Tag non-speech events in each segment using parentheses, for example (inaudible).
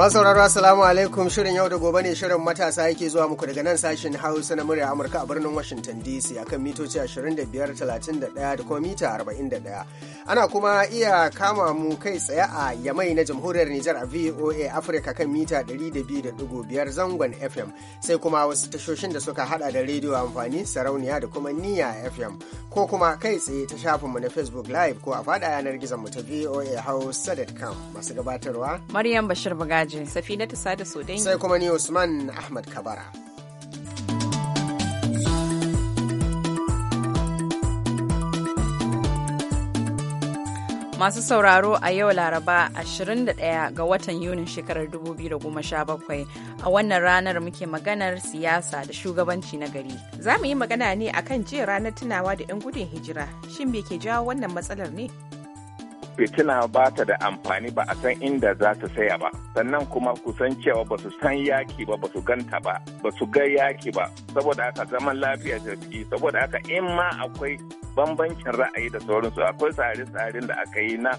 Masu sauraro Assalamu alaikum shirin yau da gobe ne shirin matasa yake zuwa muku daga nan sashen Hausa na murya Amurka a birnin Washington DC akan mitoci 25, 31 da kuma mita 41. ana kuma iya kama mu kai tsaye a yamai na jamhuriyar Nijar a VOA Africa kan mita 200.5 zangon FM sai kuma wasu tashoshin da suka hada da rediyo amfani sarauniya da kuma niya FM ko kuma kai tsaye ta shafinmu na Facebook Live ko a fada yanar gizon mu ta VOA Hausa.com masu gabatarwa Maryam Bashir Bagaji Safina Tusa da Sai kuma ni Usman Ahmad Kabara. Masu sauraro a yau Laraba 21 ga watan Yunin shekarar 2017 a wannan ranar muke maganar siyasa da shugabanci na gari. Za mu yi magana ne akan jiya ranar tunawa da 'yan gudun hijira. Shin me ke jawo wannan matsalar ne? fitina ba ta da amfani ba a san inda za ta saya ba sannan kuma kusan cewa ba su san yaki ba ba su ganta ba ba su ga yaki ba saboda haka zaman lafiya ta fi saboda haka in ma akwai bambancin ra'ayi da sauransu akwai tsare-tsaren da aka yi na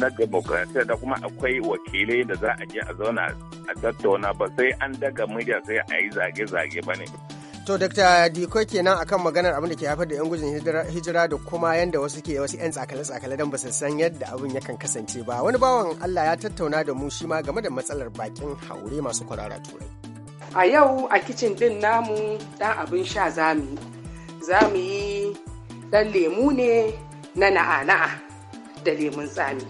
na demokrasiya da kuma akwai wakilai da za a je a zauna a tattauna ba sai an daga murya sai a yi zage-zage ba ne. To, Dr. Diko kenan akan maganar abin da ke haifar da 'yan gujin hijira da kuma yadda wasu ke wasu 'yan tsakale-tsakale don basu san yadda abin yakan kasance ba. Wani bawan Allah ya tattauna da mu shi ma game da matsalar bakin haure masu kwarara turai. A yau a kicin ɗin namu dan abin sha zamu zamu yi dan lemu ne na na'ana'a da lemun tsami.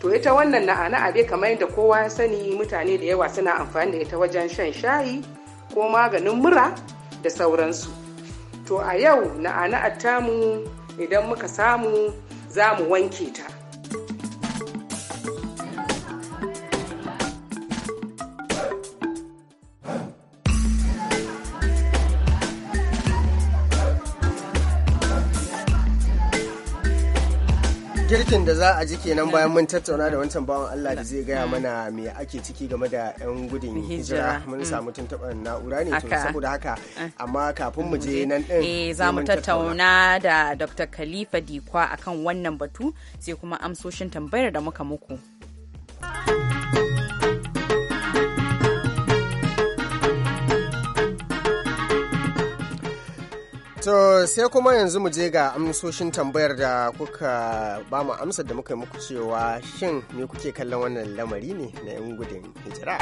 To ita wannan na'ana'a dai kamar yadda kowa ya sani mutane da yawa suna amfani da ita wajen shan shayi ko maganin mura da sauransu to a yau na'ana'ar tamu idan muka samu za mu wanke ta girkin da za a ji kenan bayan mun tattauna da wancan bawan Allah da zai gaya mm. mana me ake ciki game da 'yan gudun hijira mun mm. samu tuntuɓar na'ura ne to saboda haka eh. amma kafin mu je mm. nan din eh za mu tattauna da Dr. Khalifa Dikwa akan wannan batu sai kuma amsoshin tambayar da muka muku. To sai kuma yanzu mu je ga amsoshin tambayar da kuka ba mu amsar da muka yi muku cewa shin me kuke kallon wannan lamari ne na 'yan gudun hijira?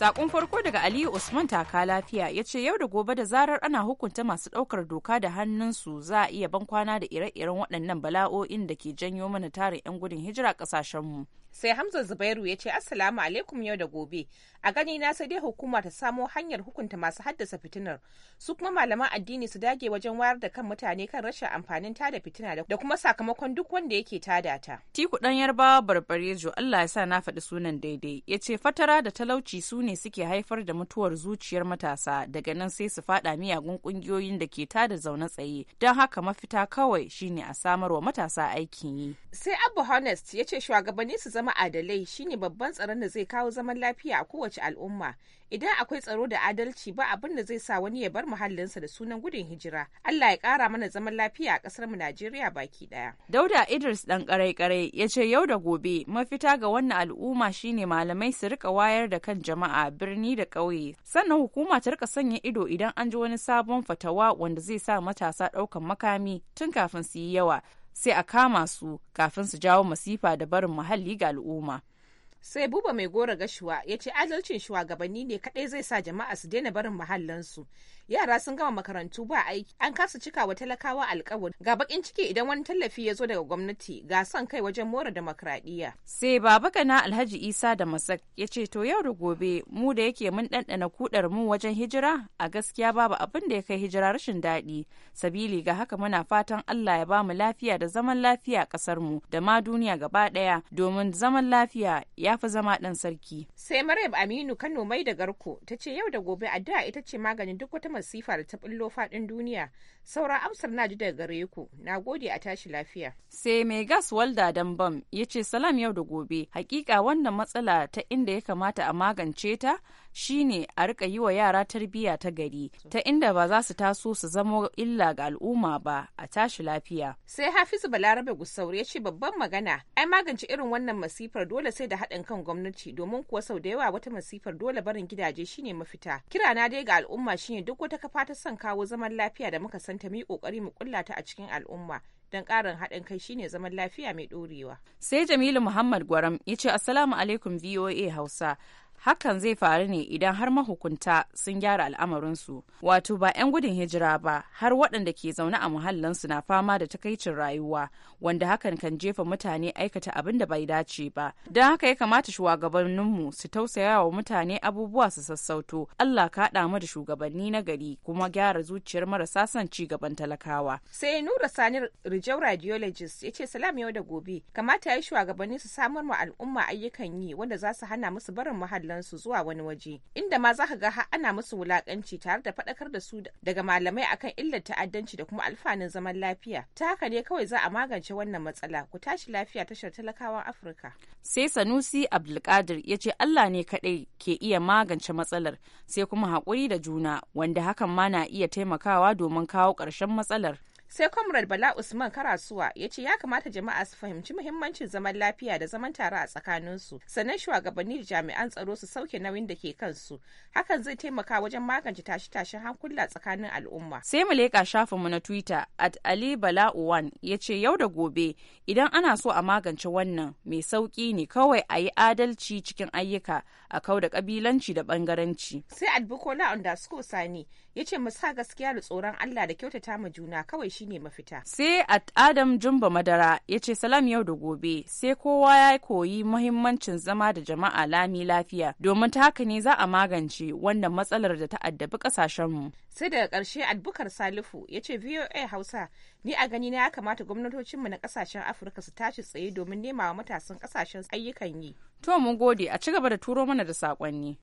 Sakon farko daga Aliyu Usman taka lafiya ya ce yau da gobe da zarar ana hukunta masu ɗaukar doka da hannunsu za a iya ban kwana da ire-iren waɗannan bala'o'in da ke janyo mana tarin 'yan gudun hijira ƙasashenmu. sai hamza zubairu ya ce assalamu alaikum yau da gobe a gani na sai dai hukuma ta samo hanyar hukunta masu haddasa fitinar su kuma malaman addini su dage wajen wayar da kan mutane kan rashin amfanin tada fitina da kuma sakamakon duk wanda yake tada ta tiku dan yarbawa barbarejo allah ya sa na faɗi sunan daidai ya ce fatara da talauci su ne suke haifar da mutuwar zuciyar matasa daga nan sai su faɗa miyagun ƙungiyoyin da ke tada zaune tsaye don haka mafita kawai shine a samarwa matasa aikin yi sai abu honest ya ce shugabanni su zama zama adalai shine babban tsaron da zai kawo zaman lafiya a kowace al'umma idan akwai tsaro da adalci ba abin da zai sa wani ya bar muhallinsa da sunan gudun hijira Allah ya kara mana zaman lafiya a kasar mu Najeriya baki daya Dauda Idris dan karai karai ya ce yau da gobe mafita ga wannan al'umma shine malamai su rika wayar da kan jama'a birni da ƙauye sannan hukuma ta rika sanya ido idan an ji wani sabon fatawa wanda zai sa matasa ɗaukan makami tun kafin su yi yawa sai a kama su kafin su jawo masifa da barin muhalli ga al'umma. sai buba mai gora gashuwa ya ce adalcin shugabanni ne kadai zai sa jama'a su daina barin mahallansu yara sun gama makarantu ba aiki an kasa cika wa talakawa alkawari ga bakin ciki idan wani tallafi ya zo daga gwamnati ga son kai wajen more demokradiyya sai baba kana alhaji isa da masak ya ce to yau da gobe mu da yake mun ɗanɗana kudar mu wajen hijira a gaskiya babu abin da ya kai hijira rashin daɗi sabili ga haka muna fatan allah ya ba mu lafiya da zaman lafiya a ƙasar mu da ma duniya gaba ɗaya domin zaman lafiya ya fi zama ɗan sarki sai maryam aminu kano mai da garko ta ce yau da gobe addu'a ita ce maganin duk wata masifa da ta bullo faɗin duniya saura amsar na ji daga gare ku na gode a tashi lafiya sai mai gas walda dambam ya ce salam yau da gobe hakika wannan matsala ta inda ya kamata a magance ta shine a rika yi wa yara tarbiyya ta gari ta inda ba za su taso su zamo illa ga al'umma ba a tashi lafiya. Sai Hafizu Balarabe Gusau ya ce babban magana ai magance irin wannan masifar dole sai da haɗin kan gwamnati domin kuwa sau da yawa wata masifar dole barin gidaje shine mafita. Kira na dai ga al'umma shine duk wata kafa ta son kawo zaman lafiya da muka santa mu yi kokari mu kulla ta a cikin al'umma. don ƙarin haɗin kai shine zaman lafiya mai ɗorewa. Sai Jamilu Muhammad Gwaram ya ce Assalamu alaikum VOA Hausa. hakan zai faru ne idan har mahukunta sun gyara al'amarinsu wato ba 'yan gudun hijira ba har waɗanda ke zaune a muhallansu na fama da takaicin rayuwa wanda hakan kan jefa mutane aikata abin da bai dace ba don haka ya kamata shugabanninmu su tausaya wa mutane abubuwa su sassauto allah ka haɗa mu da shugabanni na gari kuma gyara zuciyar marasa son ci gaban talakawa sai nura sani rijau radiologist ya ce salam yau da gobe kamata ya yi shugabanni su samar wa al'umma ayyukan yi wanda za su hana musu barin muhalli su zuwa wani waje inda ma zaka ga har ana musu wulakanci tare da faɗakar da su daga malamai akan illar ta'addanci da kuma alfanun zaman lafiya ta haka ne kawai za a magance wannan matsala ku tashi lafiya tashar talakawan afirka sai sanusi abdulkadir ya ce allah ne kaɗai ke iya magance matsalar sai kuma haƙuri da juna wanda hakan ma na iya taimakawa domin kawo ƙarshen matsalar sai comrade bala usman karasuwa ya ce ya kamata jama'a su fahimci muhimmancin zaman lafiya da zaman tare a tsakaninsu sannan shugabanni da jami'an tsaro su sauke nauyin da ke kansu hakan zai taimaka wajen magance tashe-tashen hankula tsakanin al'umma sai mu leƙa mu na twitter at ali bala uwan ya ce yau da gobe idan ana so a magance wannan mai sauki ne kawai a yi adalci cikin ayyuka a kau da ƙabilanci da bangaranci sai adbukola underscore sani ya ce mu sa gaskiya da tsoron allah da kyautata ma juna kawai shi shine mafita. Sai at Adam Jumba Madara ya ce salam yau da gobe sai kowa ya koyi mahimmancin zama da jama'a lami lafiya domin ta haka ne za a magance wannan matsalar da ta addabi kasashenmu. Sai daga karshe Abubakar Salifu ya ce VOA Hausa ni a gani na ya kamata gwamnatocinmu na kasashen Afirka su tashi tsaye domin nema wa matasan kasashen ayyukan yi. To mun gode a ci gaba da turo mana da sakonni.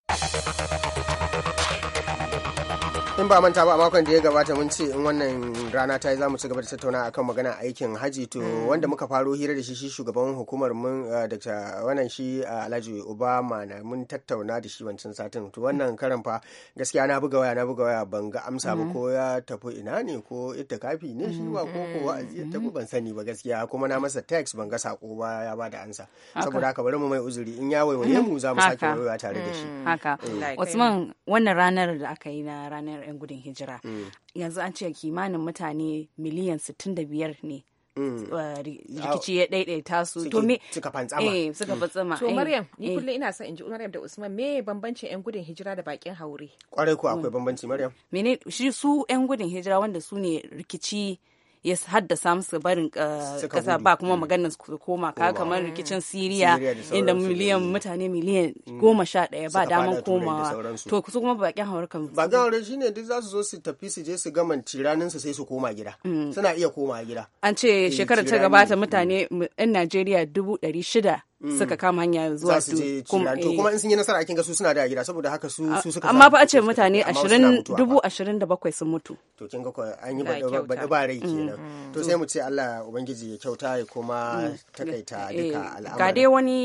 in ba manta ba a makon da ya gabata mun ce in wannan rana ta yi za mu ci gaba da tattauna akan magana aikin haji to mm. wanda muka faro hira da shi shi shugaban hukumar mun da wannan shi alhaji obama na mun tattauna da shi wancan satin to wannan karan fa gaskiya na buga waya na buga waya ban ga amsa ba mm-hmm. ko ya tafi ina ne ko ita kafi ne shi wa ko ko wa'azi tafi mm-hmm. ban sani ba gaskiya kuma na masa text ban ga sako ba ya ba da ansa saboda haka bari mu mai uzuri in ya waiwaye mu za mu mm-hmm. sake wayewa tare da shi haka eh. Usman wannan ranar da aka yi na ranar 'yan gudun hijira mm. yanzu an ce kimanin mutane miliyan 65 ne mm. uh, rikici ya daidaita su to me suka fantsama eh suka mm. fantsama to eh, Maryam ni eh. kullum ina son in ji Maryam da Usman me bambancin yan gudun hijira da bakin haure kwarai ko akwai bambanci Maryam mene shi su yan gudun hijira wanda su ne rikici ya haddasa musu barin eh, kasa ba kuma eh. maganar su koma ka kamar mm. rikicin Siriya inda miliyan eh. mutane miliyan mm. goma sha ɗaya ba daman komawa to su kuma bakin hawar kan ba ga haure shine duk za su zo su tafi su je su gama tiranin su sai su koma gida mm. suna iya koma gida an ce shekarar ta gabata mutane 'yan Najeriya dubu ɗari shida Mm. suka kama hanya zuwa su kuma eh. kuma in sun yi nasara kin ga su suna da gida saboda haka su su suka amma fa a ce mutane 20 dubu 27 sun mutu to kin ga ko an yi bada barai mm. kenan to mm. sai mu ce Allah ubangiji ya kyauta ya kuma takaita eh, duka al'amari ga dai wani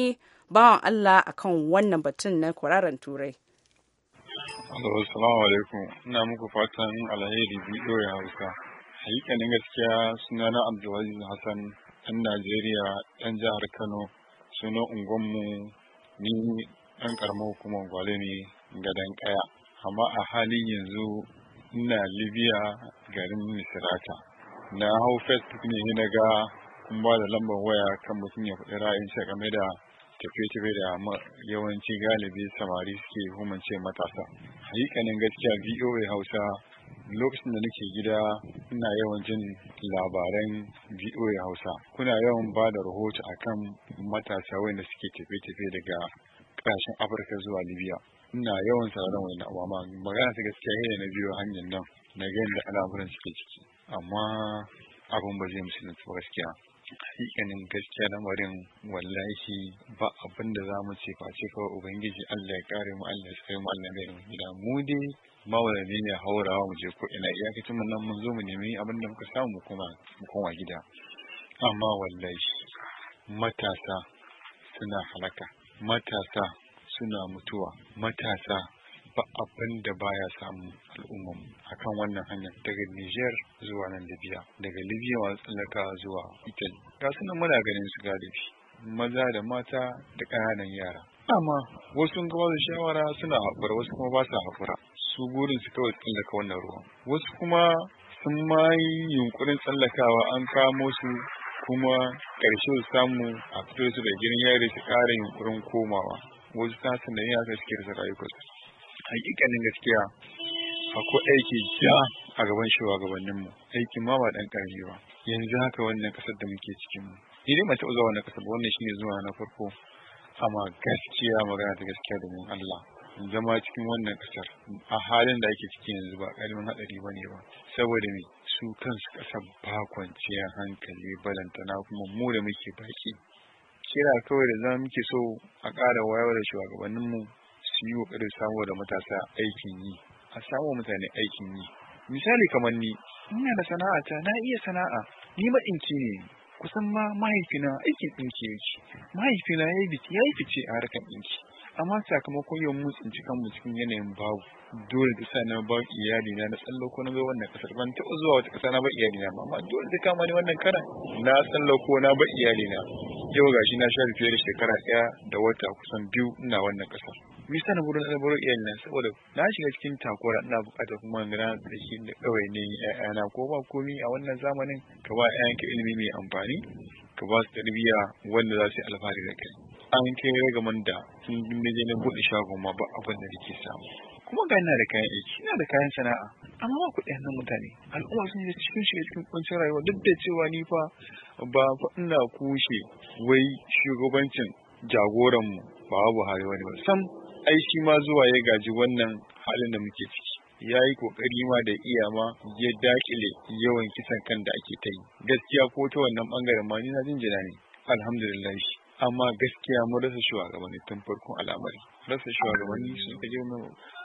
bawan Allah akan wannan batun na kwararan turai Assalamu alaikum ina muku fatan alheri bidiyo ya hausa hakikanin gaskiya sunana Abdulaziz Hassan ɗan Najeriya ɗan jihar Kano Suna unguwanmu ni ɗan ƙaramar hukumar gwale ne ɗan ƙaya amma a halin yanzu ina libya garin misirata na hau facebook ne na ga kun ba da lambar waya kan mutum ya kuɗi ra'ayin shi game da tafiye-tafiye da yawanci galibi samari suke humance matasa hakikanin gaskiya voa hausa lokacin da nake gida ina yawan jin labaran VOA Hausa. Kuna yawan ba da rahoto a kan matasa wanda suke tafe-tafe daga ƙasashen Afirka zuwa Libya. Ina yawan sauraron wani amma magana ta gaskiya yana na biyo hanyar nan na ga yadda al'amuran suke ciki. Amma abin ba zai musu nutsu gaskiya. Hakikanin gaskiya lamarin wallahi ba abinda da za mu ce face kawai Ubangiji Allah ya kare mu Allah ya kare mu Allah ya mu gida. Mu dai mawalani ne haurawa mu je ko ina iyakacin mun nan mun zo mu nemi abin da muka samu mu kuma mu koma gida amma wallahi matasa suna halaka matasa suna mutuwa matasa ba abin da baya samu al'ummar akan wannan hanyar daga Niger zuwa nan Libya daga Libya masu tsallaka zuwa Italy ga sunan muna ganin su galibi maza da mata da ƙananan yara amma wasu ga da shawara suna haƙura wasu kuma ba su haƙura su burin su kawai tsallaka wannan ruwan wasu kuma sun ma yi yunkurin tsallakawa an kamo su kuma ƙarshe su samu a fito su da girin yare su ƙara yunkurin komawa wasu ta sanadin haka suke rasa rayukansu hakikanin gaskiya akwai aiki ja a gaban gabaninmu. aikin ma ba ɗan ƙarfi ba yanzu haka wannan ƙasar da muke cikin mu ni dai mace zuwa wannan ƙasar ba wannan shine zuwa na farko amma gaskiya magana ta gaskiya domin Allah zama cikin wannan kasar a halin da ake ciki yanzu ba karamin hadari ba ne ba saboda me su kansu kasar ba kwanciyar hankali balantana kuma mu da muke baki kira kawai da za muke so a ƙara wayar da shugabanninmu su yi ƙoƙarin samar da matasa aikin yi a samu mutane aikin yi misali kamar ni ina da sana'a ta na iya sana'a ni maɗinki ne kusan ma mahaifina aikin ɗinki yake mahaifina ya yi fice a harkar ɗinki amma sakamakon yau mun cikin kanmu cikin yanayin babu dole da sa na ba iyali na na tsallako na bai wannan kasar ban taɓa zuwa wata kasa na ba iyali na amma dole da kama ni wannan karan na tsallako na ba iyali na yau gashi na sha fiye da shekara ɗaya da wata kusan biyu ina wannan ƙasar me sa na gurin albar iyali na saboda na shiga cikin takura ina bukata kuma na da shi da kawai ne ƴaƴana ko ba komi a wannan zamanin ka ba ƴaƴanka ilimi mai amfani ka ba su tarbiyya wanda za su yi alfahari da kai an kai ragaman da sun na je na buɗe shagon ma ba abin da nake samu kuma ga ina da kayan aiki ina da kayan sana'a amma ba kuɗi na mutane al'umma sun yi cikin shiga cikin kwanci rayuwa duk da cewa ni fa ba ina kushe wai shugabancin jagoranmu ba Buhari wani ba sam aiki ma zuwa ya gaji wannan halin da muke ciki ya yi kokari ma da iya ma ya dakile yawan kisan kan da ake ta yi gaskiya ko ta wannan bangaren ma ni na jin jira ne alhamdulillah amma gaskiya mun rasa shugabanni tun farkon al'amari rasa shugabanni sun ta girma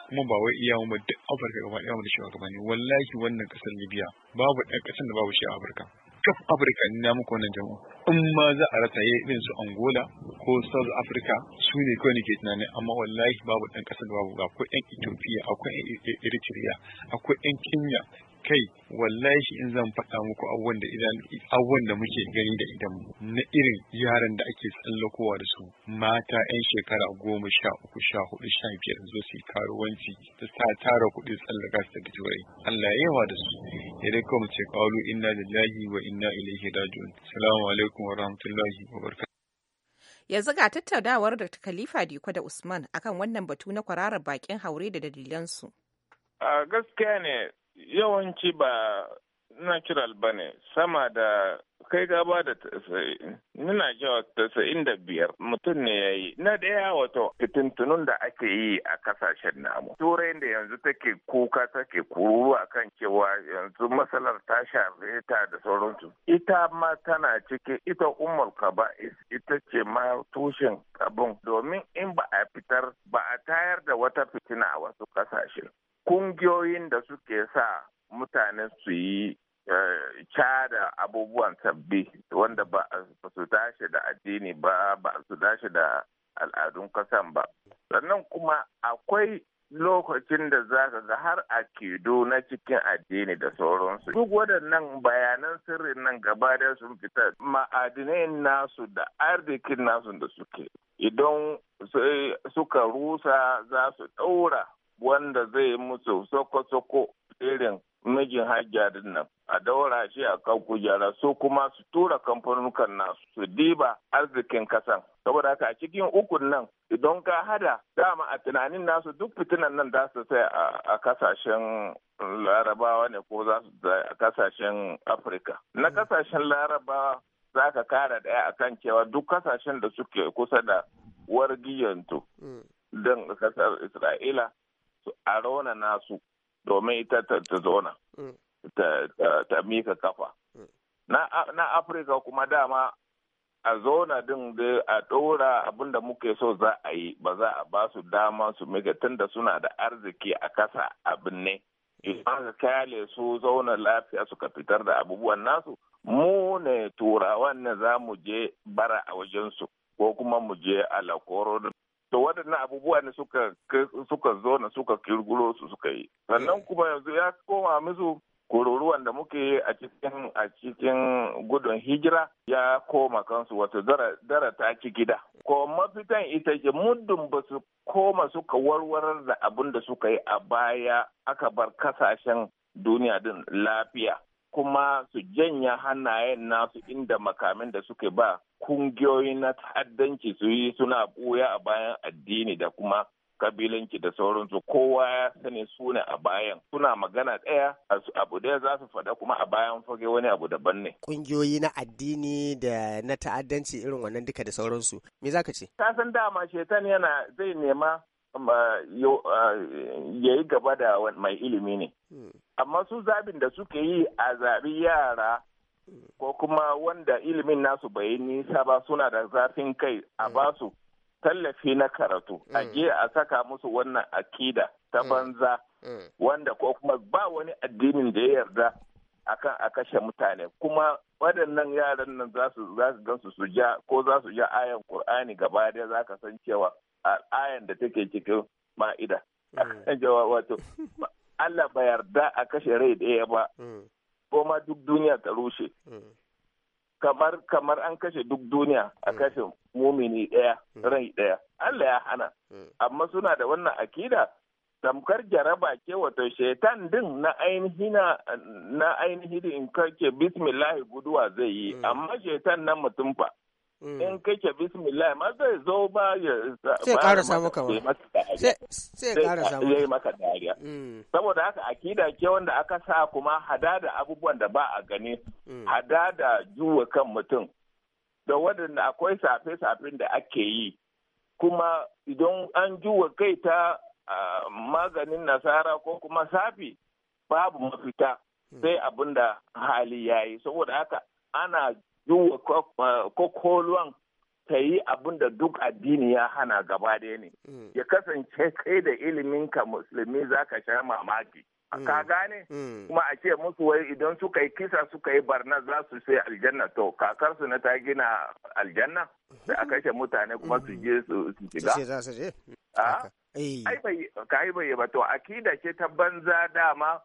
kuma ba wai iya mu duk afirka gaba ɗaya mu da shugabanni wallahi wannan ƙasar libya babu ɗan ƙasar da babu shi a afirka kaf afirka ina muku wannan jama'a in ma za a rasa ya irin su angola ko south africa su ne kawai ke tunanin amma wallahi babu ɗan ƙasar da babu akwai ƴan ethiopia akwai ƴan e-, e-, eritrea akwai ƴan kenya kai wallahi in zan faɗa muku abubuwan da idan abubuwan da muke gani da idan na irin yaran da ake tsallakowa da su mata yan shekara goma sha uku sha hudu sha biyar zo su karuwanci ta sa tara kuɗi tsallaka su da turai Allah ya yawa da su ya dai kawai ce kawalu inna lillahi wa inna ilaihi raji'un assalamu alaikum wa rahmatullahi wa barakatuh yanzu ga tattaunawar da Khalifa Diko da Usman akan wannan batu na kwararar bakin haure da dalilansu. gaskiya ne yawanci ba natural ba ne sama da kai gaba ba da nuna tasa'in da biyar mutum ne ya yi na ɗaya wato fitintunun da ake yi a kasashen namu turai da yanzu take kuka take kururu a kan cewa yanzu matsalar ta shafe ta da sauransu ita ma tana ciki ita umar kaba ita ce ma tushen abin domin in ba a fitar ba a tayar da wata fitina a wasu kasashe kungiyoyin da suke sa mutane su yi eh, cada abubuwan sabbi wanda ba su dace da addini ba ba su dace da al'adun kasan ba sannan kuma akwai lokacin da za ka ga har a kido na cikin addini da sauransu duk waɗannan bayanan sirrin nan gaba da sun fita ma'adinai nasu da arzikin nasu da suke idan suka rusa za su ɗaura wanda zai yi musu soko-soko irin mijin hajjarin nan a daura shi a kan kujera su kuma su tura kamfanukan nasu su diba arzikin kasan saboda haka a cikin ukun nan idan ka hada dama a tunanin nasu duk fitinan nan za su sai a kasashen larabawa ne ko za su a kasashen afirka na mm. kasashen larabawa za ka kara daya a kan cewa duk kasashen da suke kusa da wargiyantu mm. don kasar isra'ila a rauna nasu domin ita ta zona mm. ta mika kafa mm. na afirka kuma dama a zona din da a ɗora abinda muke so za a yi ba za a ba su dama su mika tunda suna da arziki a kasa abin ne mm. idan ka kyale su zauna lafiya suka fitar da abubuwan nasu mu ne turawan ne za mu je bara a wajensu ko kuma mu je alakoro to waɗannan abubuwan ne suka suka zo na suka kirgulo su suka yi sannan mm. kuma yanzu ya koma musu kururuwan da muke a cikin a cikin gudun hijira ya koma kansu wato dara ta ci gida ko mafitan ita ce muddin ba su koma suka warwarar da abin da suka yi a baya aka bar kasashen duniya din lafiya kuma su janya hannayen nasu inda makamin da suke ba kungiyoyi na ta'addanci su yi suna buya a bayan addini da kuma kabilanci da sauransu kowa ya sani sune a bayan suna magana ɗaya abu da za su faɗa kuma a bayan fage wani abu daban ne. Ƙungiyoyi na addini da na ta'addanci irin wannan duka da sauransu me zaka ce? Ka san dama shetan yana zai nema ya yi gaba da mai ilimi ne hmm. amma su zabin da suke yi a zabi yara hmm. ko kuma wanda ilimin nasu bai nisa ba suna da zafin kai a hmm. basu tallafi na karatu a je a saka musu wannan akida ta banza wanda ko kuma ba wani addinin da ya yarda akan a kashe mutane kuma waɗannan yaran nan za su gansu su ja ko za su ja ayan kur'ani gaba ɗaya za ka san cewa ayan da take cikin ma'ida hmm. akan (laughs) jawa wato Allah ba yarda a kashe rai ɗaya ba hmm. ko ma duk duniya ta rushe hmm. kamar kamar an kashe duk duniya a kashe mumini ɗaya rai ɗaya Allah ya hana amma suna da wannan akida tamkar jaraba ke wato shaitan din na ainihi na ainihi in kake bismillahi guduwa zai yi amma shaitan na mutum fa in mm. kake bismillah ma zai zo ba ya sai ƙara samu kama sai ƙara samu zai maka dariya mm. saboda haka akida ke wanda aka sa kuma hada da abubuwan da ba a gani mm. hada da juwa kan mutum da wadanda akwai safe-safen da ake yi kuma idan an juwa kai ta maganin nasara ko kuma safi babu mafita sai abin hali ya yi saboda haka ana duk kokoluwan ta yi abin da duk addini ya hana gaba daya ne mm. ya kasance kai da ilimin ka musulmi za ka sha mamaki mm. ka gane mm. kuma a ce musu wai idan suka yi kisa suka yi barna za su sai aljanna to kakarsu na ta gina aljanna da mm-hmm. a kashe mutane kuma su je su shiga ah? ai bai ba to akida ce ta banza dama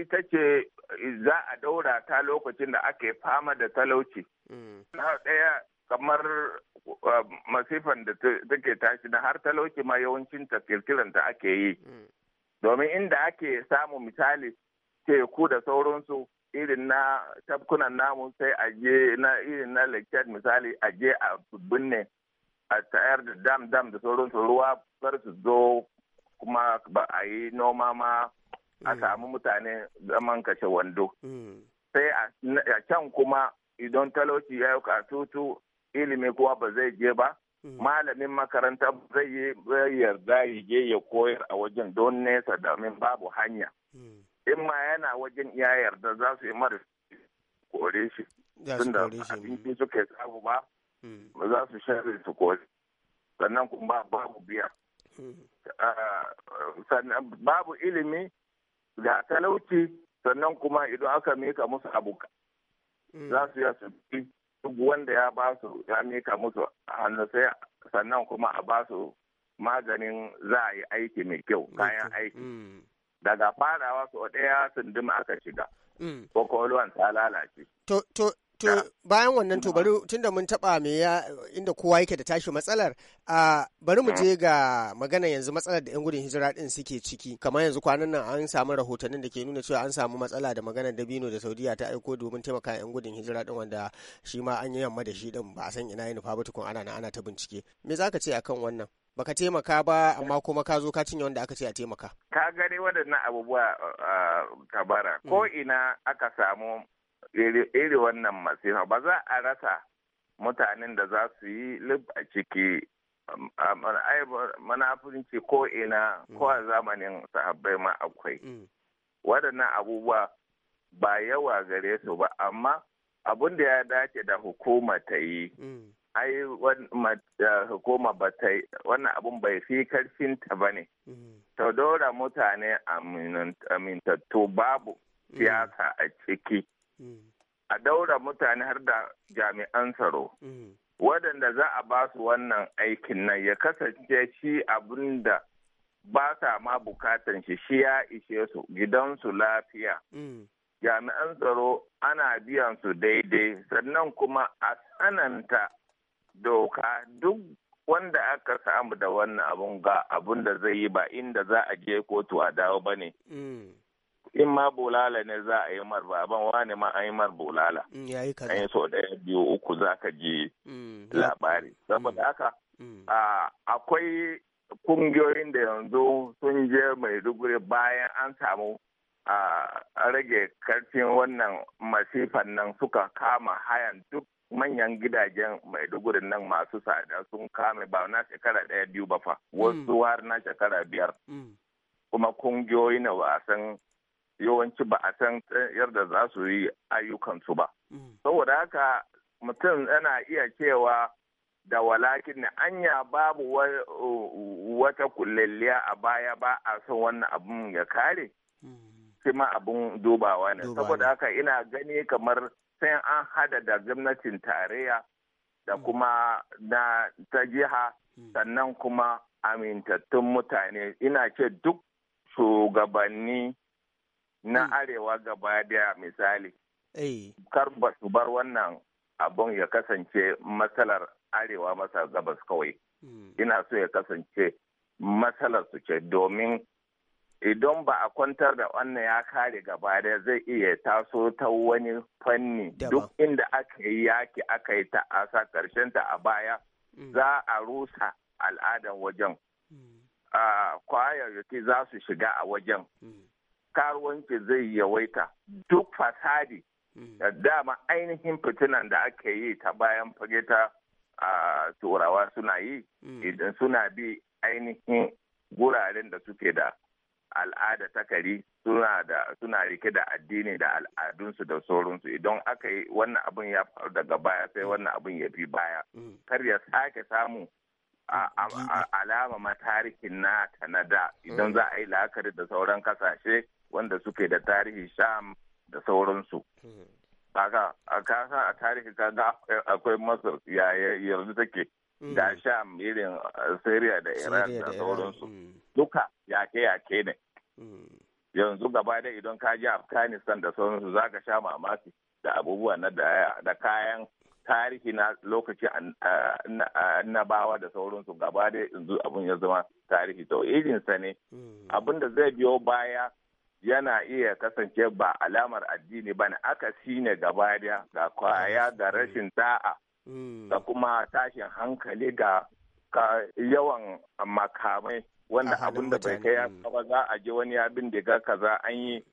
ita ce za a daura ta lokacin da ake fama da talauci. Mm. Na ɗaya kamar masifan da take tashi na har talauci ma yawancin ta da ake yi. Mm. Domin inda ake samu misali teku da sauransu irin na tafkunan namu sai a je na irin na lecture misali a je a binne a tayar da dam dam da sauransu ruwa bar su zo kuma ba a yi noma ma a mm. samu mutane zaman kashe wando mm. sai a can kuma idan talauci ya yi katutu ilimi kuwa ba zai je ba mm. malamin makaranta zai yarda ya je ya koyar a wajen don nesa domin babu hanya in ma yana wajen ya yarda za su yi mara kore shi da abinci suke samu ba ba za su share su kore sannan kuma babu biya ah, babu ilimi ga talauci sannan kuma idan aka mika musu abu mm. za su ya duk wanda ya ba su ya mika musu hannu sai sannan kuma a ba su maganin za a yi aiki mai kyau kayan aiki mm. daga farawa sau ɗaya sundum aka shiga mm. kwakwalwan ta lalace. To bayan wannan to bari tunda mun taba me ya inda kowa yake da tashi matsalar a bari mu je ga magana yanzu matsalar da yan gudun hijira din suke ciki kamar yanzu kwanan nan an samu rahotannin da ke nuna cewa an samu matsala da maganar dabino da Saudiya ta aiko domin taimaka yan gudun hijira din wanda shi ma an yi yamma da shi din ba a san ina yi nufa ba tukun ana na ana ta bincike me zaka ce akan wannan baka taimaka ba amma kuma ka zo ka cinye wanda aka ce a taimaka. Ka gani waɗannan abubuwa tabara mm. ko ina aka samu iri wannan masifa ba za a rasa mutanen da za su yi lib a ciki um, um, manafinci ko ina ko a mm. zamanin sahabbai ma akwai mm. waɗannan abubuwa ba yawa gare su ba amma abin da ya dace da hukuma ta yi mm. ai hukuma ba ta yi wannan abin bai fi karfinta ba ne ta dora mutane amintattu babu siyasa a ciki a daura mutane har da jami'an tsaro waɗanda za a ba su wannan aikin nan ya kasance shi abin da ba sa ma bukatan shi shi ya ishe su gidansu lafiya jami'an tsaro ana biyan su daidai sannan kuma a tsananta doka duk wanda aka samu da wannan abun ga abun da zai yi ba inda za a je kotu a dawo ba ne in ma bulala ne za a yi mar baban wani ma an yi mar bulala mm, an yi so ɗaya biyu uku za ka ji mm, labari saboda mm, haka akwai kungiyoyin da yanzu sun je maiduguri bayan an samu a rage karfin wannan masifan nan suka kama hayan duk manyan gidajen maiduguri nan masu tsada sun kame ba na shekara ɗaya biyu ba fa wasu har na shekara biyar kuma kungiyoyi na wasan yawanci ba a san eh, yadda za su yi ayyukansu ba. Mm. Saboda haka mutum yana iya cewa da walakin anya babu wata kullalliya a baya ba a san wannan abun ya kare. Mm. Shi ma abun dubawa ne. Saboda haka ina gani kamar sai an hada da gwamnatin tarayya da mm. kuma na ta jiha sannan kuma amintattun mutane ina ce duk shugabanni na hmm. arewa gaba daya misali eh. kar ba su bar wannan abun ya kasance matsalar arewa masa gabas kawai hmm. ina so ya kasance matsalar su ce domin idan ba a kwantar da wannan ya kare gaba daya zai iya taso ta wani fanni duk inda aka yi yaki aka yi ta ta'asa ta a baya hmm. za a rusa al'adan wajen ah, kwayayyaki za su shiga a wajen karuwanci zai yawaita duk fasadi mm. da dama ainihin fitinan da ake yi ta bayan fage ta turawa suna yi mm. idan suna bi ainihin guraren da suke da al'ada ta kari suna rike da addini da al'adunsu da sauransu idan aka yi wannan abin ya faru daga baya sai mm. wannan abin ya fi baya kar ya sake samu alama matarikin ta na da idan za a yi la'akari da sauran kasashe wanda suke da tarihi sham da sauransu aka a kasa a tarihi kaga akwai masar yanzu take mm. da sham irin uh, syria da iran da sauransu mm. duka yake yake ne mm. yanzu gaba da idan ka je afghanistan da sauransu za ka sha mamaki da abubuwa na da kayan tarihi na lokaci bawa da sauransu gaba da yanzu abun ya zama tarihi to irinsa ne abin da zai biyo baya yana iya kasance ba alamar addini ba ne aka ne gaba da ga kwaya da rashin ta'a da hmm. kuma tashin hankali ga yawan makamai wanda abin da bai kai ya hmm. za a je wani abin ya ga kaza an yi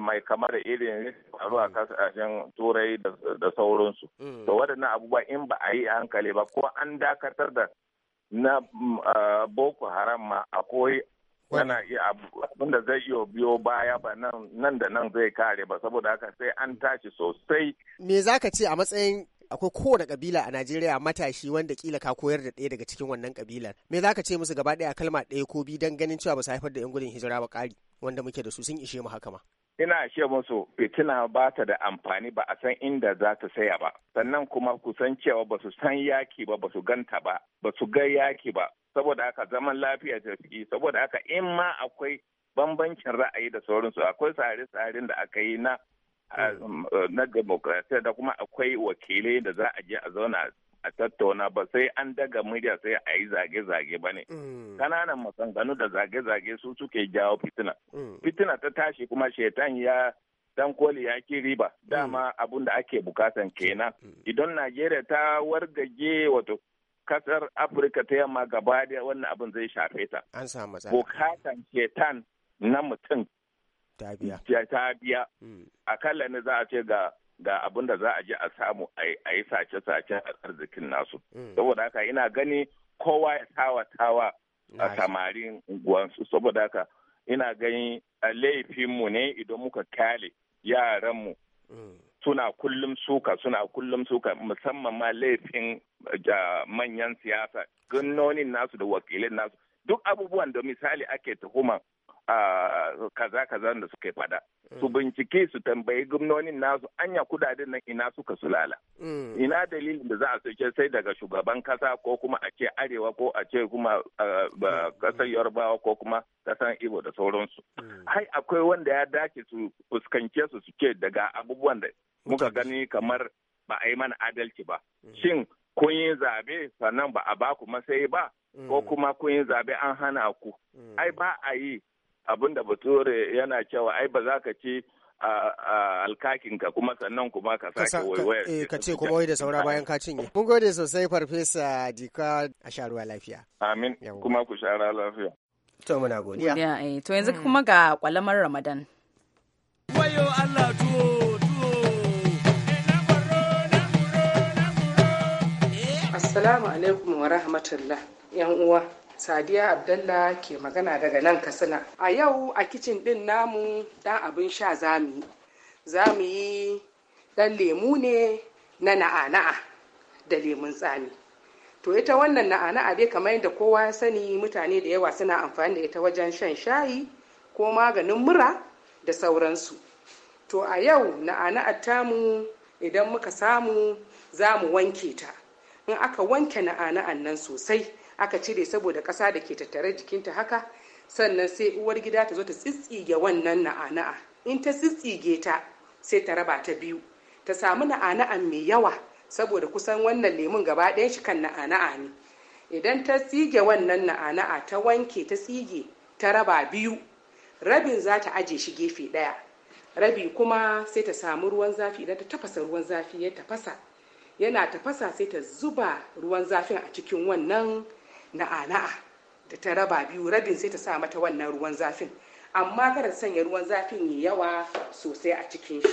mai kamar da irin faru a hmm. kasashen turai da sauransu to waɗannan abubuwa in ba a yi hankali ba ko an dakatar da na mm, ah, boko haram ma akwai yana iya da zai iya biyo baya ba nan da nan zai kare ba saboda haka sai an tashi sosai me za ka ce a matsayin akwai kowane kabila a Najeriya matashi wanda kila ka koyar da ɗaya daga cikin wannan kabilar. Me za ka ce musu gaba ɗaya kalma ɗaya ko biyu don ganin cewa ba su haifar da 'yan gudun hijira ba ƙari wanda muke da su sun ishe mu haka ma. ina ce musu fitina ba ta da amfani ba a san inda za ta saya ba sannan kuma ku cewa ba su san yaki ba ba su ganta ba ba su ga yaki ba saboda haka zaman lafiya ta fi saboda haka in ma akwai bambancin ra'ayi da sauransu akwai tsare-tsaren da aka yi na mm. na da kuma akwai wakilai da za a je a zauna a tattauna ba sai an daga murya sai a yi zage-zage ba ne. Mm. Kananan masanganu da zage-zage su suke jawo fitina. Mm. Fitina ta tashi kuma shetan ya dan koli ya ki riba mm. dama abun da ake bukatan kenan. Idan Najeriya ta wargaje wato kasar Afirka ta yamma gaba da wannan abun zai shafe ta. An samu Bukatan shetan na mutum. Ta biya. Ta biya. Akalla ne za a ce ga da abin da za a je a samu a yi sace-sace a arzikin nasu mm. saboda haka ina gani kowa ya tawa tawa a samarin unguwansu saboda haka ina gani a laifinmu ne idan muka kyale yaranmu mm. suna kullum suka suna kullum suka musamman ma laifin manyan siyasa gannonin nasu da wakilin nasu duk abubuwan da misali ake tuhuma kaza kaza da suka faɗa. Mm. Su bincike su tambayi gumnonin nasu anya kudaden nan ina suka sulala. Mm. Ina dalilin da za a soke sai daga shugaban kasa ko kuma a ce arewa ko a ce kuma mm. kasar yarbawa ko kuma kasar ibo da sauransu. Hai akwai wanda ya dace su fuskance su suke daga abubuwan da muka gani kamar ba a yi mana adalci ba. Shin kun yi zabe sannan ba a baku matsayi ba ko kuma kun yi zabe an hana ku. Ai ba a yi abin da bature yana cewa ai ba za ka ci ka kuma sannan kuma ka sake waiwayar eh, ka ce kuma wai da saura bayan ka cinye mun gode sosai farfesa dika a sha ruwa lafiya amin kuma ku sha lafiya to muna godiya eh. to yanzu kuma ga kwalamar ramadan wayo Allah tuwo Assalamu alaikum wa rahmatullah, ‘yan uwa. Sadiya Abdalla ke magana daga nan Katsina. A yau a kicin ɗin namu ɗan abin sha za mu yi. Za mu yi ɗan lemu ne na naa da lemun tsami. To ita wannan na'ana'a dai kamar yadda kowa ya sani mutane da yawa suna amfani da ita wajen shan shayi ko maganin mura da sauransu. To a yau na'ana'a tamu idan muka samu za mu wanke ta. In aka wanke na'ana'an nan sosai aka cire saboda ƙasa da ke tattare jikinta haka sannan sai uwar gida ta zo ta tsitsige wannan naa in ta tsitsige ta sai ta raba ta biyu ta samu naa mai yawa saboda kusan wannan lemun gaba ɗaya shi kan na'ana'a ne idan ta tsige wannan naa ta wanke ta tsige ta raba biyu rabin za ta aje shi gefe ɗaya rabi kuma sai ta samu ruwan zafi idan ta tafasa ruwan zafi ya tafasa yana tafasa sai ta zuba ruwan zafin a cikin wannan na'a-na'a da ta raba biyu rabin sai ta sa mata wannan ruwan zafin amma kada ta sanya ruwan zafin yi yawa sosai a cikin shi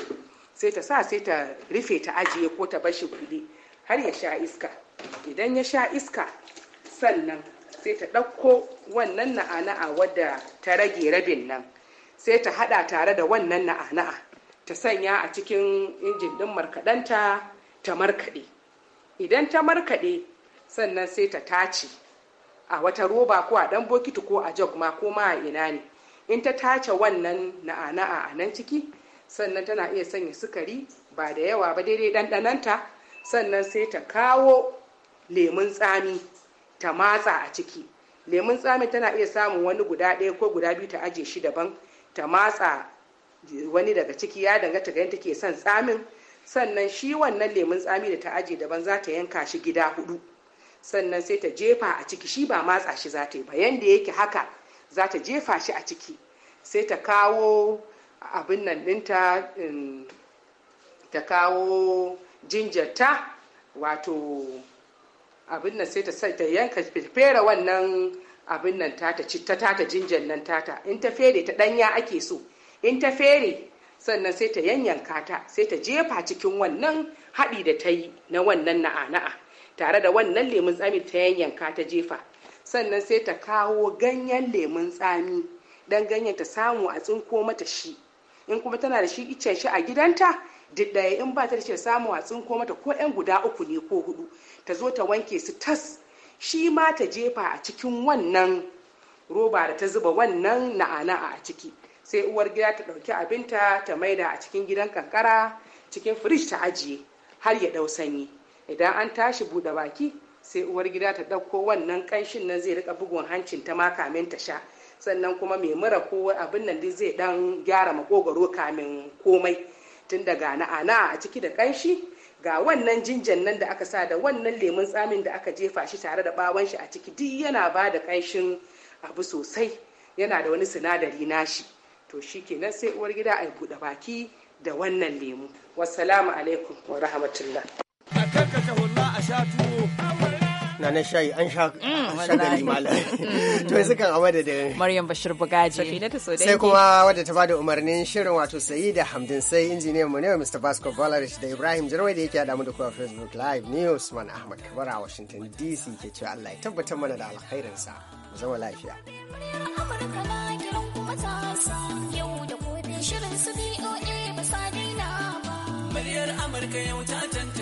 sai ta sa sai ta rufe ta ajiye ko ta bashi kuɗi har ya sha iska idan ya sha iska sannan sai ta ɗauko wannan na'ana'a a wadda ta rage rabin nan sai ta haɗa tare da wannan na'ana'a ta sanya a cikin injin ɗin markaɗanta ta markaɗe idan ta markaɗe sannan sai ta tace a wata roba ko a ɗan bokiti ko a jog ma ko ma a ina ne in ta tace wannan na'a'na'a a nan ciki sannan tana iya sanya sukari ba da yawa ba daidai ɗanɗananta sannan sai ta kawo lemun tsami ta matsa a ciki lemun tsami tana iya samun wani guda ɗaya ko guda biyu ta aje shi daban ta matsa wani daga ciki ya danganta ga yadda ke son tsamin sannan shi wannan lemun tsami da ta aje daban za ta yanka shi gida hudu sannan sai ta jefa a ciki shi ba matsa shi za ta yi ba yanda yake haka za ta jefa shi a ciki sai ta kawo abin nan ɗinta um, ta kawo jinjata wato abin nan sai ta yanka fere wannan abin nan tata citta tata jinjan nan tata in ta fere ta ɗanya ake so in ta fere sannan sai ta yanyanka ta sai ta jefa cikin wannan haɗi da ta yi na wannan na'a na'a tare da wannan lemun tsami ta yanyanka ta jefa sannan sai ta kawo ganyen lemun tsami don ganyen ta samu a tsinko mata shi in kuma tana da shi icen shi a gidanta duk ɗaya in ba ta da shi samu a tsinko mata ko yan guda uku ne ko hudu ta zo ta wanke su tas shi ma ta jefa a cikin wannan roba da ta zuba wannan na'ana'a a ciki sai uwar gida ta ɗauki abinta ta maida a cikin gidan kankara cikin firij ta ajiye har ya ɗau sanyi idan an tashi buɗe baki sai uwar gida ta ɗauko wannan ƙanshin nan zai rika bugun hancin ta ma kamin ta sha sannan kuma mai mura ko abin nan zai dan gyara makogaro kamin komai tun daga na'ana a ciki da ƙanshi ga wannan jinjan nan da aka sa da wannan lemun tsamin da aka jefa shi tare da bawon shi a ciki duk yana ba da ƙanshin abu sosai yana da wani sinadari nashi to shi kenan sai uwar gida a buɗe baki da wannan lemu wassalamu alaikum wa rahmatullah sha tuwo na na shayi an sha mm, shagari malam mm. to yanzu kan da dare. maryam bashir bugaji sai kuma wadda ta bada umarnin shirin wato sayi da hamdin sai injiniyan mu ne mr vasco valerish da ibrahim jarwai da yake hada mu da kuma facebook live ni usman ahmad kabara a washington dc ke cewa allah ya tabbatar mana da alkhairinsa mu zama lafiya Muryar Amurka yau ta tantance